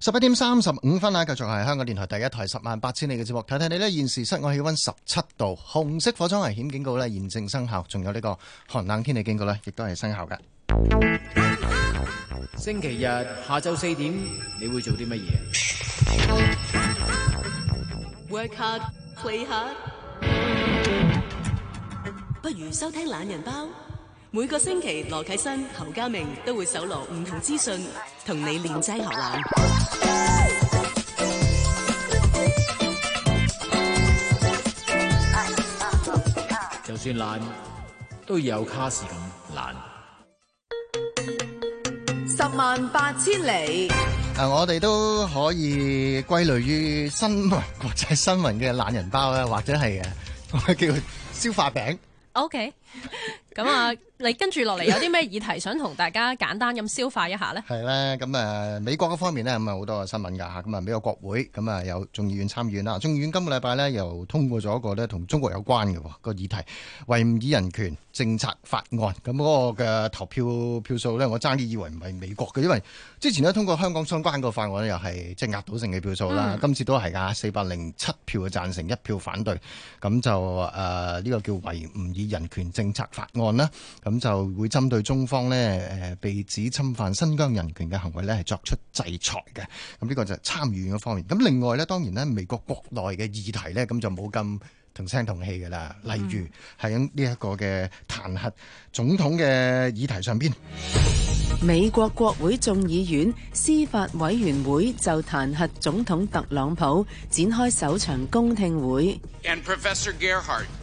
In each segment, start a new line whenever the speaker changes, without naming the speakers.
十一點三十五分啊！繼續係香港電台第一台十萬八千里嘅節目，睇睇你呢，現時室外氣溫十七度，紅色火災危險警告呢現正生效，仲有呢個寒冷天氣警告呢亦都係生效㗎。星期日下晝四點，你會做啲乜嘢
？Work hard, play hard。Uh, 不如收聽懶人包。每個星期，羅啟新、侯家明都會搜羅唔同資訊，同你練雞學懶。
就算懶，都要有卡士咁
懶。
十萬八千
里。呃，我哋都可以歸類於新聞國際新聞嘅懶人包啦，或者係誒，我叫消化餅。
O K，咁啊。你跟住落嚟有啲咩議題想同大家簡單咁消化一下呢？
係啦，咁、嗯、美國方面呢，咁啊好多新聞㗎。咁啊美國會咁啊有眾議院參院啦，眾議院今個禮拜呢，又通過咗一個同中國有關嘅個議題，維吾爾人權政策法案。咁、那、嗰個嘅投票票數呢，我爭啲以為唔係美國嘅，因為之前呢通過香港相關個法案呢又係即係壓倒性嘅票數啦，嗯、今次都係㗎，四百零七票嘅贊成，一票反對，咁就誒呢、呃這個叫維吾爾人權政策法案啦。咁就會針對中方咧，誒、呃、被指侵犯新疆人權嘅行為咧，係作出制裁嘅。咁呢個就係參與嘅方面。咁另外咧，當然咧，美國國內嘅議題咧，咁就冇咁同聲同氣㗎喇。例如係喺呢一個嘅彈劾總統嘅議題上邊，嗯、美國國會眾議院司法委
員會就彈劾總統特朗普，展開首場公聽會。
And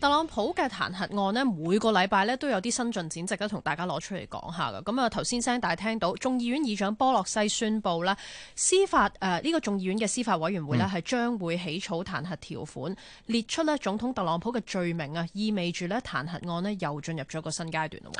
特朗普嘅彈劾案咧，每個禮拜咧都有啲新進展，值得同大家攞出嚟講下㗎。咁啊，頭先聲大家聽到眾議院議長波洛西宣布呢司法，誒呢、呃這個眾議院嘅司法委員會呢係將會起草彈劾條款，嗯、列出呢總統特朗普嘅罪名啊，意味住呢彈劾案呢又進入咗個新階段咯。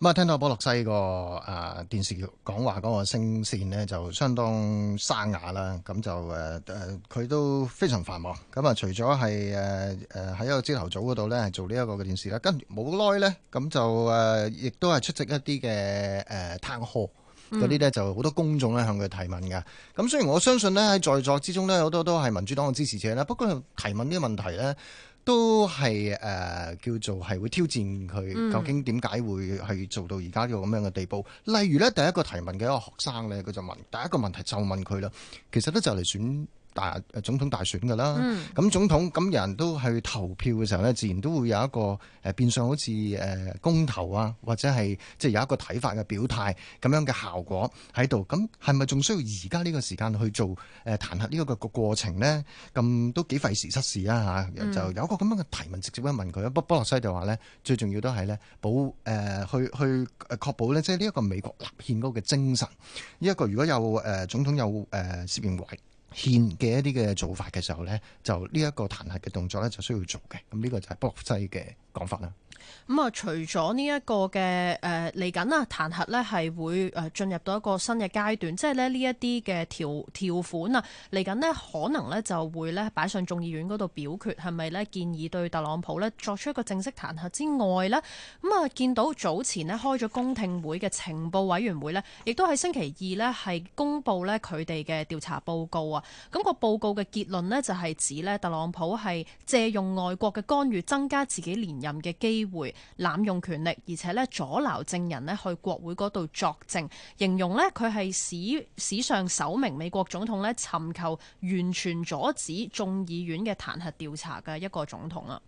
咁啊，聽到波洛西個啊電視講話嗰個聲線咧，就相當沙啞啦。咁就誒誒，佢、呃、都非常繁忙。咁啊，除咗係誒誒喺一個朝頭早嗰度咧，做呢一個嘅電視咧，跟住冇耐呢，咁就誒、呃，亦都係出席一啲嘅誒探討嗰啲呢，就好多公眾咧向佢提問嘅。咁、嗯、雖然我相信呢，喺在座之中呢，好多都係民主黨嘅支持者咧，不過提問啲問題呢。都係誒、呃、叫做係會挑戰佢，究竟點解會係做到而家個咁樣嘅地步？嗯、例如咧，第一個提問嘅一個學生咧，佢就問第一個問題就問佢啦。其實咧就嚟選，大總統大選嘅啦，咁、嗯、總統咁人都去投票嘅時候咧，自然都會有一個誒變相好似誒公投啊，或者係即係有一個睇法嘅表態咁樣嘅效果喺度。咁係咪仲需要而家呢個時間去做誒、呃、彈劾呢一個個過程呢？咁都幾費時失事啦、啊、嚇，啊嗯、就有一個咁樣嘅提問，直接一問佢啊。不波洛西就話咧，最重要都係咧保誒、呃、去去確保咧，即係呢一個美國立憲嗰個精神。呢、這、一個如果有誒、呃、總統有誒涉嫌違。呃獻嘅一啲嘅做法嘅時候咧，就呢一個彈劾嘅動作咧，就需要做嘅。咁呢個就係波洛西嘅講法啦。
咁啊、嗯，除咗呢一個嘅誒嚟緊啊，彈、呃、劾咧係會誒進入到一個新嘅階段，即係咧呢一啲嘅條條款啊，嚟緊咧可能咧就會咧擺上眾議院嗰度表決，係咪咧建議對特朗普咧作出一個正式彈劾之外咧，咁、嗯、啊見到早前咧開咗公聽會嘅情報委員會咧，亦都喺星期二咧係公布咧佢哋嘅調查報告啊。咁個報告嘅結論呢，就係指咧特朗普係借用外國嘅干預，增加自己連任嘅機會，濫用權力，而且咧阻撓證人咧去國會嗰度作證，形容呢，佢係史史上首名美國總統呢尋求完全阻止眾議院嘅彈劾調查嘅一個總統啦。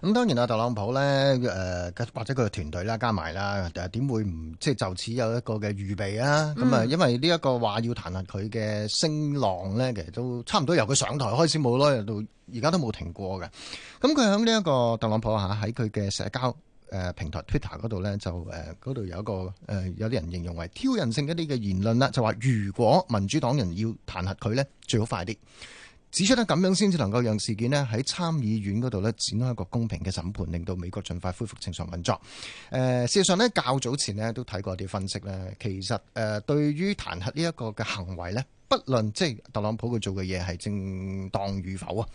咁當然啊，特朗普呢，誒、呃，或者佢嘅團隊啦，加埋啦，點會唔即係就此有一個嘅預備啊？咁啊，因為呢一個話要彈劾佢嘅聲浪呢。其實都差唔多由佢上台開始冇咯，到而家都冇停過嘅。咁佢喺呢一個特朗普吓喺佢嘅社交誒平台 Twitter 嗰度咧就誒嗰度有一個誒有啲人形容為挑釁性一啲嘅言論啦，就話如果民主黨人要彈劾佢咧，最好快啲。指出咧，咁樣先至能夠讓事件咧喺參議院嗰度咧展開一個公平嘅審判，令到美國盡快恢復正常運作。誒、呃，事實上咧，較早前咧都睇過啲分析咧，其實誒、呃、對於彈劾呢一個嘅行為咧，不論即係特朗普佢做嘅嘢係正當與否啊，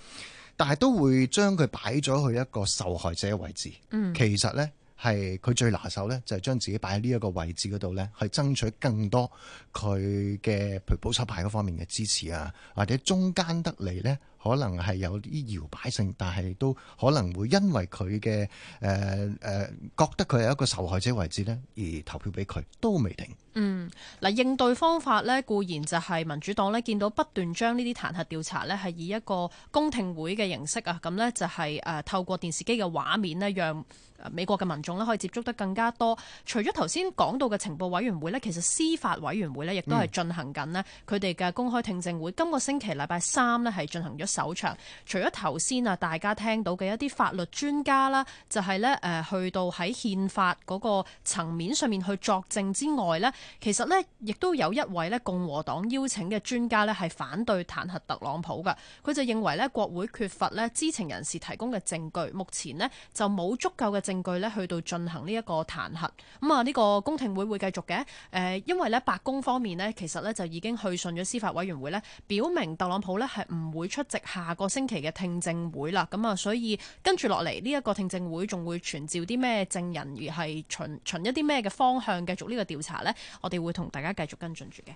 但係都會將佢擺咗去一個受害者嘅位置。嗯，其實呢。係佢最拿手咧，就係將自己擺喺呢一個位置嗰度咧，去爭取更多佢嘅譬如保守派嗰方面嘅支持啊，或者中間得嚟咧。可能係有啲搖擺性，但係都可能會因為佢嘅誒誒覺得佢係一個受害者位置咧，而投票俾佢都未停。嗯，
嗱應對方法呢，固然就係民主黨呢，見到不斷將呢啲彈劾調查呢，係以一個公聽會嘅形式啊，咁呢，就係誒透過電視機嘅畫面呢，讓美國嘅民眾咧可以接觸得更加多。除咗頭先講到嘅情報委員會呢，其實司法委員會呢，亦都係進行緊呢，佢哋嘅公開聽證會。嗯、今個星期禮拜三呢，係進行咗。首場，除咗頭先啊大家聽到嘅一啲法律專家啦，就係咧誒去到喺憲法嗰個層面上面去作證之外呢，其實呢亦都有一位咧共和黨邀請嘅專家呢，係反對彈劾特朗普嘅，佢就認為呢國會缺乏咧知情人士提供嘅證據，目前呢就冇足夠嘅證據咧去到進行呢一個彈劾。咁啊呢個公聽會會繼續嘅，誒因為呢白宮方面呢，其實呢就已經去信咗司法委員會呢表明特朗普呢係唔會出席。下個星期嘅聽證會啦，咁啊，所以跟住落嚟呢一個聽證會仲會傳召啲咩證人而，而係循循一啲咩嘅方向繼續呢個調查呢？我哋會同大家繼續跟進住嘅。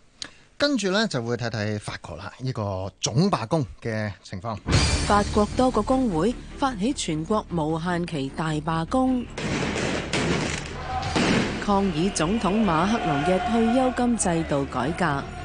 跟住呢，就會睇睇法國啦，呢個總罷工嘅情況。法國多個工
會發起全國無限期大罷工，抗議總統馬克龍嘅退休金制度改革。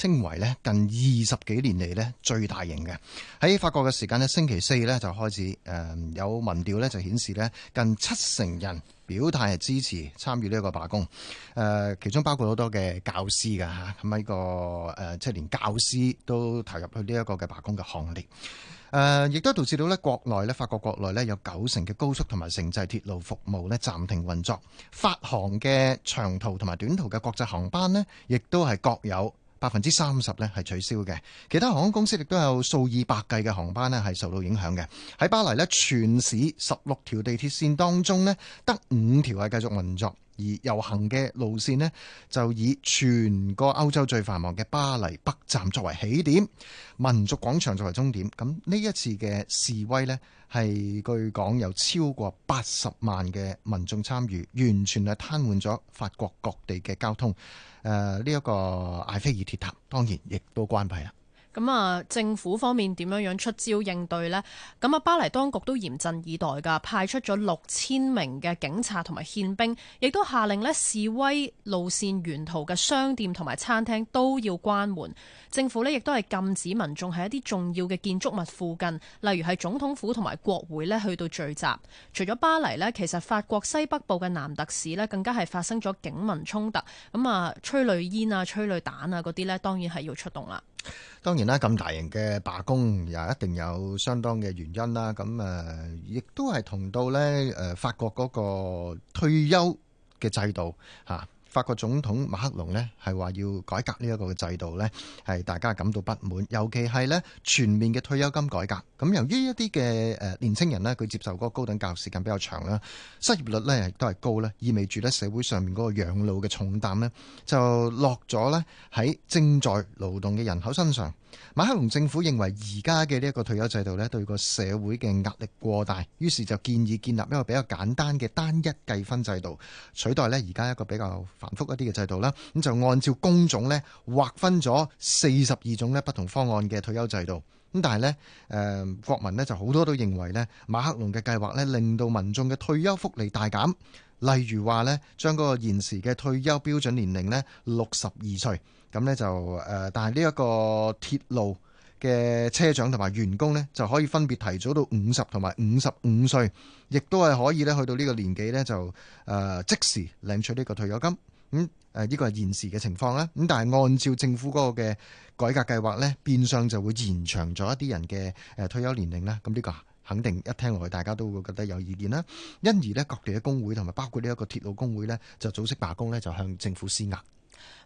稱為咧近二十幾年嚟咧最大型嘅喺法國嘅時間咧，星期四呢，就開始誒有民調呢，就顯示咧近七成人表態係支持參與呢一個罷工，誒其中包括好多嘅教師㗎吓咁呢個誒，即係連教師都投入去呢一個嘅罷工嘅行列，誒亦都導致到咧國內咧法國國內咧有九成嘅高速同埋城際鐵路服務咧暫停運作，法航嘅長途同埋短途嘅國際航班呢，亦都係各有。百分之三十咧係取消嘅，其他航空公司亦都有數以百計嘅航班呢係受到影響嘅。喺巴黎呢，全市十六條地鐵線當中呢，得五條係繼續運作。而遊行嘅路線呢，就以全個歐洲最繁忙嘅巴黎北站作為起點，民族廣場作為終點，咁呢一次嘅示威呢，係據講有超過八十萬嘅民眾參與，完全係癱瘓咗法國各地嘅交通。誒，呢一個埃菲爾鐵塔當然亦都關閉啦。
咁啊，政府方面點樣樣出招應對咧？咁啊，巴黎當局都嚴陣以待㗎，派出咗六千名嘅警察同埋憲兵，亦都下令咧，示威路線沿途嘅商店同埋餐廳都要關門。政府咧亦都係禁止民眾喺一啲重要嘅建築物附近，例如係總統府同埋國會咧去到聚集。除咗巴黎咧，其實法國西北部嘅南特市咧，更加係發生咗警民衝突，咁啊，催淚煙啊、催淚彈啊嗰啲咧當然係要出動啦。
當然啦，咁大型嘅罷工又一定有相當嘅原因啦。咁誒，亦都係同到咧誒，法國嗰個退休嘅制度吓。法國總統馬克龍呢，係話要改革呢一個嘅制度呢，係大家感到不滿，尤其係呢全面嘅退休金改革。咁由於一啲嘅誒年青人呢，佢接受嗰高等教育時間比較長啦，失業率呢亦都係高呢，意味住呢社會上面嗰個養老嘅重擔呢，就落咗呢喺正在勞動嘅人口身上。馬克龍政府認為而家嘅呢一個退休制度呢，對個社會嘅壓力過大，於是就建議建立一個比較簡單嘅單一計分制度取代呢而家一個比較。繁複一啲嘅制度啦，咁就按照工種咧劃分咗四十二種咧不同方案嘅退休制度。咁但係咧，誒、呃、國民咧就好多都認為呢馬克龍嘅計劃咧令到民眾嘅退休福利大減。例如話呢將嗰個現時嘅退休標準年齡呢，六十二歲，咁呢就誒，但係呢一個鐵路嘅車長同埋員工呢，就可以分別提早到五十同埋五十五歲，亦都係可以咧去到呢個年紀呢，就、呃、誒即時領取呢個退休金。咁，誒呢個係現時嘅情況啦。咁但係按照政府嗰個嘅改革計劃呢，變相就會延長咗一啲人嘅誒退休年齡啦。咁呢個肯定一聽落去，大家都會覺得有意見啦。因而呢，各地嘅工會同埋包括呢一個鐵路工會呢，就組織罷工呢，就向政府施壓。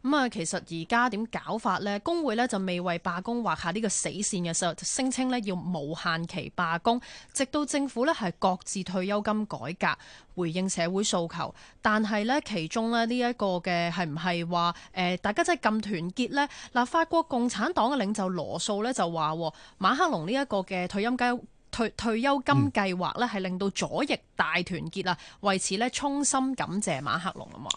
咁啊，其實而家點搞法呢？工會呢就未為罷工劃下呢個死線嘅時候，就聲稱呢要無限期罷工，直到政府呢係擱置退休金改革，回應社會訴求。但係呢，其中呢呢一個嘅係唔係話誒，大家真係咁團結呢？嗱，法國共產黨嘅領袖羅素呢就話，馬克龍呢一個嘅退休金計劃呢，係令到左翼大團結啊，為此呢衷心感謝馬克龍啊嘛。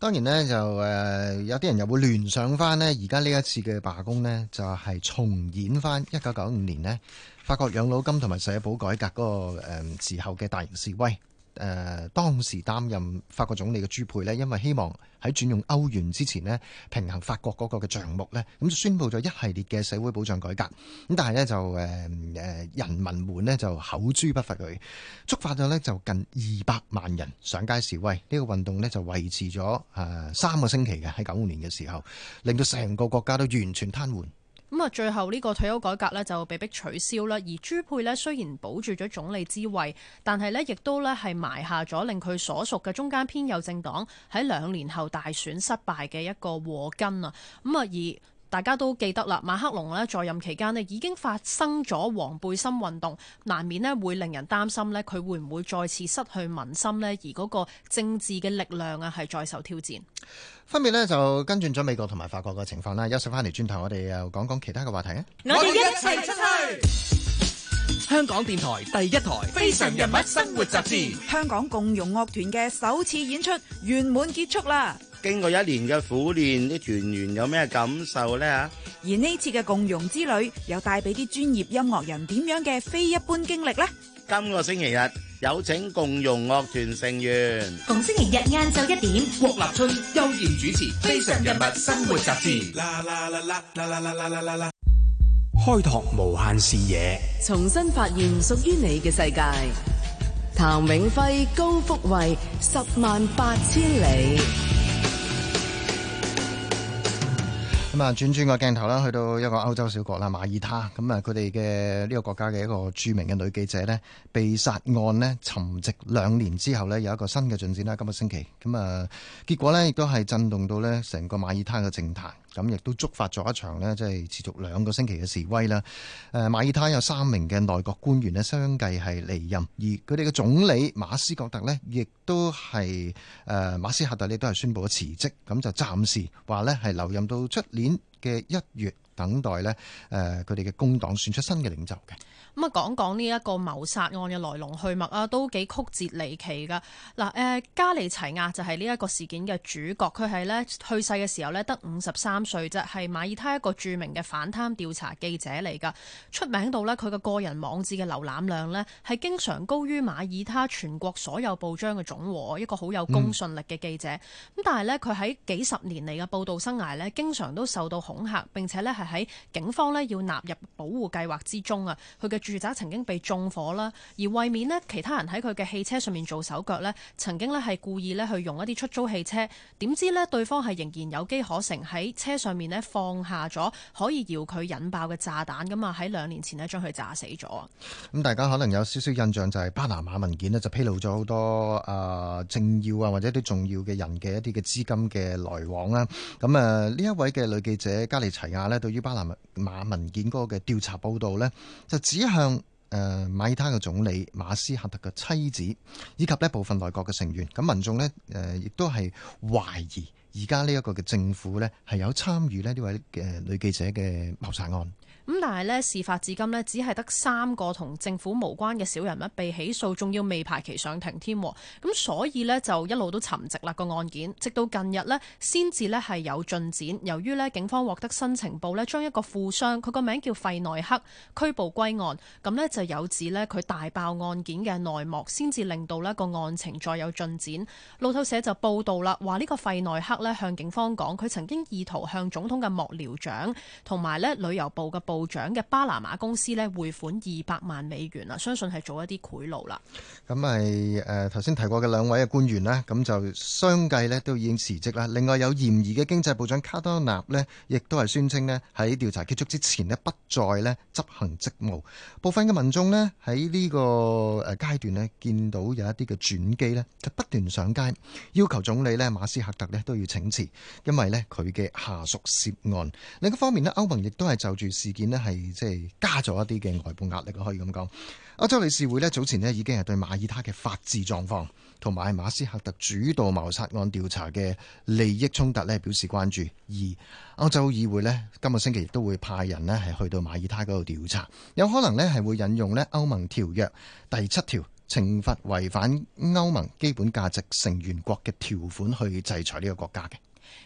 當然咧，就誒有啲人又會聯想翻呢，而家呢一次嘅罷工呢，就係重演翻一九九五年呢法國養老金同埋社保改革嗰個誒時候嘅大型示威。誒、呃、當時擔任法國總理嘅朱佩呢，因為希望喺轉用歐元之前呢，平衡法國嗰個嘅帳目呢，咁就宣布咗一系列嘅社會保障改革。咁但係呢，就、呃、人民們呢就口誅筆伐佢，觸發咗呢就近二百萬人上街示威。呢、呢個運動呢，就維持咗、呃、三個星期嘅，喺九五年嘅時候，令到成個國家都完全癱瘓。
咁啊，最後呢個退休改革咧就被迫取消啦。而朱佩咧雖然保住咗總理之位，但係咧亦都咧係埋下咗令佢所屬嘅中間偏右政黨喺兩年後大選失敗嘅一個禍根啊。咁啊，而大家都記得啦，馬克龍咧在任期間已經發生咗黃背心運動，難免咧會令人擔心咧，佢會唔會再次失去民心而嗰個政治嘅力量啊，係再受挑戰。
分別呢，就跟進咗美國同埋法國嘅情況啦，休息翻嚟轉頭，我哋又講講其他嘅話題啊。
我哋一齊出去。
香港電台第一台非
常人物生活雜誌，香港共融樂團嘅首次演出圓滿結束啦。
經過一年嘅苦練，啲團員有咩
感受呢？吓，而呢次嘅共融之旅，又帶俾啲專業音樂人點樣嘅非一般經歷呢？今個星期日有請共融樂團成員。逢
星期日晏晝一點，郭立春、邱健主持《非常人物》生活雜誌。
啦啦啦啦啦啦啦啦啦啦，開拓無限視野，重新發現屬於你嘅世界。譚永輝、高福慧，十萬八千里。
咁啊，轉轉個鏡頭啦，去到一個歐洲小國啦，馬爾他。咁啊，佢哋嘅呢個國家嘅一個著名嘅女記者呢，被殺案呢，沉寂兩年之後呢，有一個新嘅進展啦。今、這個星期，咁、嗯、啊，結果呢，亦都係震動到呢成個馬爾他嘅政壇。咁亦都觸發咗一場呢，即係持續兩個星期嘅示威啦。誒，馬爾他有三名嘅內閣官員呢，相繼係離任，而佢哋嘅總理馬斯各特呢，亦都係誒馬斯克特呢，都係宣布咗辭職，咁就暫時話呢，係留任到出年嘅一月。等待呢，誒佢哋嘅工黨選出新嘅領袖嘅。
咁啊，講講呢一個謀殺案嘅來龍去脈啊，都幾曲折離奇㗎。嗱、呃，誒加利齊亞就係呢一個事件嘅主角，佢係呢去世嘅時候呢，得五十三歲啫，係馬爾他一個著名嘅反貪調查記者嚟㗎，出名到呢，佢嘅個人網誌嘅瀏覽量呢，係經常高於馬爾他全國所有報章嘅總和，一個好有公信力嘅記者。咁、嗯、但係呢，佢喺幾十年嚟嘅報道生涯呢，經常都受到恐嚇，並且呢。係。喺警方咧要納入保護計劃之中啊！佢嘅住宅曾經被縱火啦，而為免咧其他人喺佢嘅汽車上面做手腳咧，曾經咧係故意咧去用一啲出租汽車，點知咧對方係仍然有機可乘，喺車上面咧放下咗可以搖佢引爆嘅炸彈，咁啊喺兩年前咧將佢炸死咗。
咁大家可能有少少印象就係巴拿馬文件咧就披露咗好多啊、呃、政要啊或者一啲重要嘅人嘅一啲嘅資金嘅來往啦。咁啊呢一位嘅女記者加利齊亞咧對於巴拿馬文件嗰個嘅調查報道咧，就指向誒馬耳他嘅總理馬斯克特嘅妻子，以及咧部分內閣嘅成員。咁民眾咧誒，亦都係懷疑而家呢一個嘅政府咧，係有參與咧呢位嘅女記者嘅謀殺案。
咁但係咧，事發至今咧，只係得三個同政府無關嘅小人物被起訴，仲要未排期上庭添。咁所以咧，就一路都沉寂啦個案件，直到近日咧，先至咧係有進展。由於咧警方獲得新情報咧，將一個富商佢個名叫費內克拘捕歸案。咁咧就有指咧佢大爆案件嘅內幕，先至令到咧個案情再有進展。路透社就報道啦，話呢個費內克咧向警方講佢曾經意圖向總統嘅幕僚長同埋咧旅遊部嘅部部長嘅巴拿馬公司咧，匯款二百萬美元啊，相信係做一啲賄賂啦
咁係誒頭先提過嘅兩位嘅官員咧，咁就相繼呢都已經辭職啦另外有嫌疑嘅經濟部長卡多納呢，亦都係宣稱呢喺調查結束之前呢不再咧執行職務。部分嘅民眾呢，喺呢個誒階段呢見到有一啲嘅轉機呢，就不斷上街要求總理呢馬斯克特呢都要請辭，因為呢佢嘅下屬涉案。另一方面咧，歐盟亦都係就住事件呢係即係加咗一啲嘅外部壓力，可以咁講。歐洲理事會呢，早前呢已經係對馬爾他嘅法治狀況同埋馬斯克特主導謀殺案調查嘅利益衝突呢表示關注，而歐洲議會呢，今個星期亦都會派人呢係去到馬爾他嗰度調查，有可能呢係會引用呢歐盟條約第七條懲罰違反歐盟基本價值成員國嘅條款去制裁呢個國家嘅。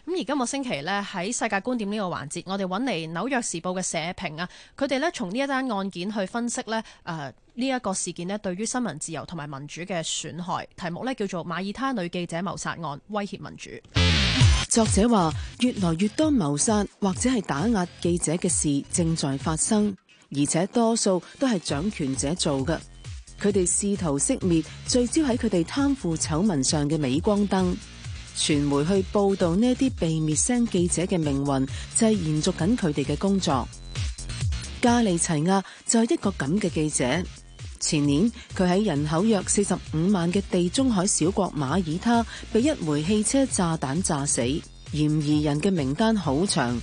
咁而今個星期咧，喺世界觀點呢個環節，我哋搵嚟《紐約時報》嘅社評啊，佢哋呢，從呢一單案件去分析咧，誒呢一個事件呢，對於新聞自由同埋民主嘅損害。題目呢，叫做《馬爾他女記者謀殺案威脅民主》。
作者話：越來越多謀殺或者係打壓記者嘅事正在發生，而且多數都係掌權者做嘅，佢哋試圖熄滅聚焦喺佢哋貪腐醜聞上嘅鎂光燈。傳媒去報導呢啲被滅聲記者嘅命運，就係、是、延續緊佢哋嘅工作。加利齊亞就係一個咁嘅記者。前年佢喺人口約四十五萬嘅地中海小國馬爾他，被一枚汽車炸彈炸死。嫌疑人嘅名單好長，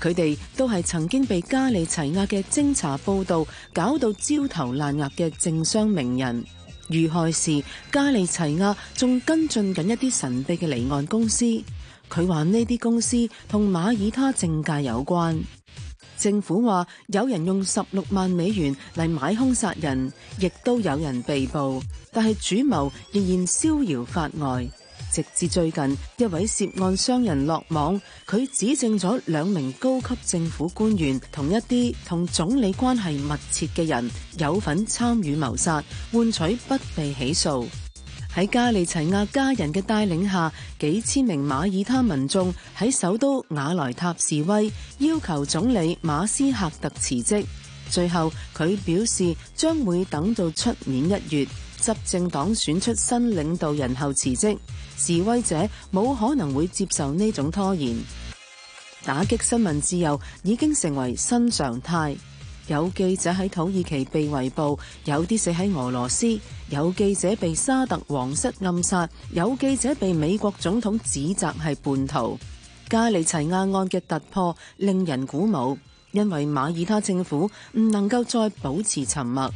佢哋都係曾經被加利齊亞嘅偵查報導搞到焦頭爛額嘅政商名人。遇害時，加利齊亞仲跟進緊一啲神秘嘅離岸公司。佢話呢啲公司同馬爾他政界有關。政府話有人用十六萬美元嚟買兇殺人，亦都有人被捕，但係主謀仍然逍遙法外。直至最近，一位涉案商人落網，佢指證咗兩名高級政府官員同一啲同總理關係密切嘅人有份參與謀殺，換取不被起訴。喺加利齊亞家人嘅帶領下，幾千名馬爾他民眾喺首都瓦萊塔示威，要求總理馬斯克特辭職。最後佢表示將會等到出年一月。.執政黨選出新領導人後辭職，示威者冇可能會接受呢種拖延。打擊新聞自由已經成為新常態。有記者喺土耳其被圍捕，有啲死喺俄羅斯，有記者被沙特皇室暗殺，有記者被美國總統指責係叛徒。加里齊亞案嘅突破令人鼓舞，因為馬爾他政府唔能夠再保持沉默。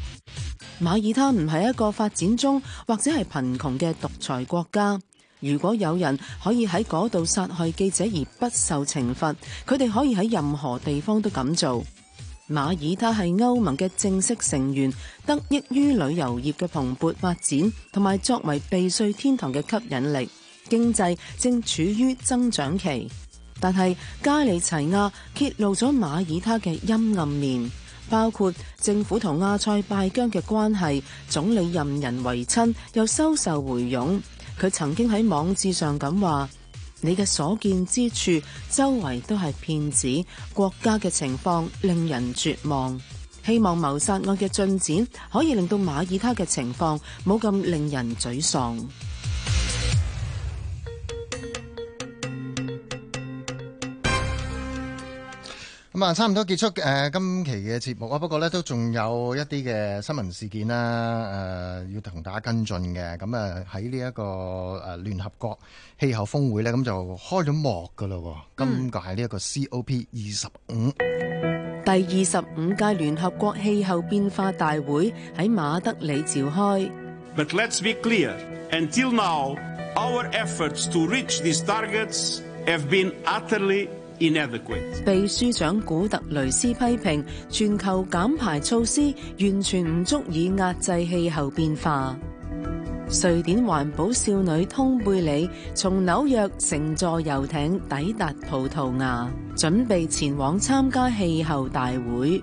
馬耳他唔係一個發展中或者係貧窮嘅獨裁國家。如果有人可以喺嗰度殺害記者而不受懲罰，佢哋可以喺任何地方都咁做。馬耳他係歐盟嘅正式成員，得益於旅遊業嘅蓬勃發展同埋作為避稅天堂嘅吸引力，經濟正處於增長期。但係加利齊亞揭露咗馬耳他嘅陰暗面。包括政府同阿塞拜疆嘅關係，總理任人唯親又收受回佣。佢曾經喺網志上咁話：你嘅所見之處，周圍都係騙子，國家嘅情況令人絕望。希望謀殺案嘅進展可以令到馬爾他嘅情況冇咁令人沮喪。
咁啊，差唔多結束誒今期嘅節目啊，不過咧都仲有一啲嘅新聞事件啦，誒要同大家跟進嘅。咁啊，喺呢一個誒聯合國氣候峯會咧，咁就開咗幕噶咯。今屆係呢一個 COP 二十五，
第二十五屆聯合國氣候變化大會喺馬德里召開。But let's be clear, until now, our efforts to reach these targets have been utterly 秘書長古特雷斯批評全球減排措施完全唔足以壓制氣候變化。瑞典環保少女通貝里從紐約乘坐遊艇抵達葡萄牙，準備前往參加氣候大會。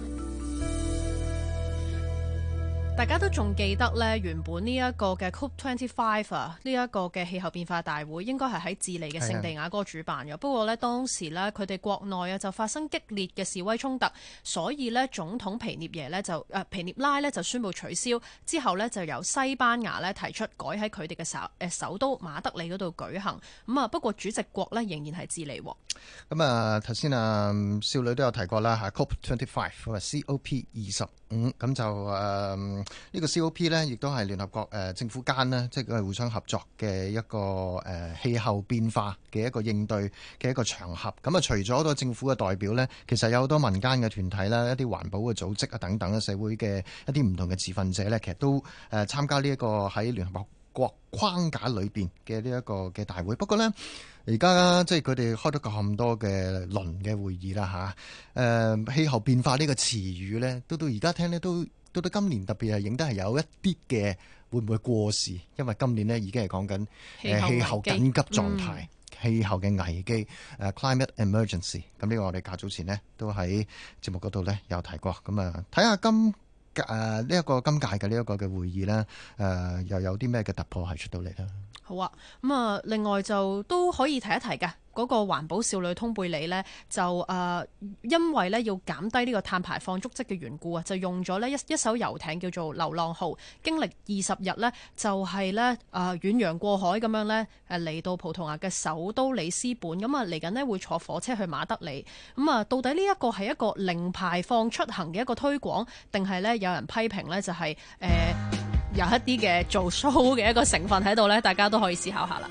大家都仲記得呢，原本呢一個嘅 COP twenty five 啊，呢一個嘅氣候變化大會應該係喺智利嘅聖地亞哥主辦嘅。的不過呢，當時呢，佢哋國內啊就發生激烈嘅示威衝突，所以呢，總統皮涅耶呢就誒、呃、皮涅拉呢就宣布取消。之後呢，就由西班牙呢提出改喺佢哋嘅首誒、呃、首都馬德里嗰度舉行。咁啊，不過主席國呢，仍然係智利。咁
啊、嗯，頭先啊少女都有提過啦嚇，COP twenty five，COP 二十五，咁、啊、就誒。嗯呢個 COP 呢，亦都係聯合國誒政府間呢，即係佢係互相合作嘅一個誒氣、呃、候變化嘅一個應對嘅一個場合。咁啊，除咗個政府嘅代表呢，其實有好多民間嘅團體啦，一啲環保嘅組織啊，等等嘅社會嘅一啲唔同嘅持份者呢，其實都誒參、呃、加呢一個喺聯合國框架裏邊嘅呢一個嘅大會。不過呢，而家即係佢哋開咗咁多嘅輪嘅會議啦，嚇誒氣候變化呢個詞語呢，都到而家聽呢都。到到今年特別係影得係有一啲嘅會唔會過時？因為今年呢已經係講緊氣候緊急狀態、嗯、氣候嘅危機，誒 climate emergency。咁呢個我哋較早前呢都喺節目嗰度呢有提過。咁啊，睇下今誒呢一個今屆嘅呢一個嘅會議呢，誒又有啲咩嘅突破係出到嚟啦。
好啊，咁啊，另外就都可以提一提嘅。嗰個環保少女通貝里呢，就、呃、因為呢要減低呢個碳排放足跡嘅緣故啊，就用咗呢一一艘遊艇叫做流浪號，經歷二十日呢，就係呢誒遠洋過海咁樣呢，誒嚟到葡萄牙嘅首都里斯本，咁啊嚟緊呢會坐火車去馬德里，咁、嗯、啊到底呢一個係一個零排放出行嘅一個推廣，定係呢有人批評呢、就係？就係誒有一啲嘅做 show 嘅一個成分喺度呢，大家都可以思考下啦。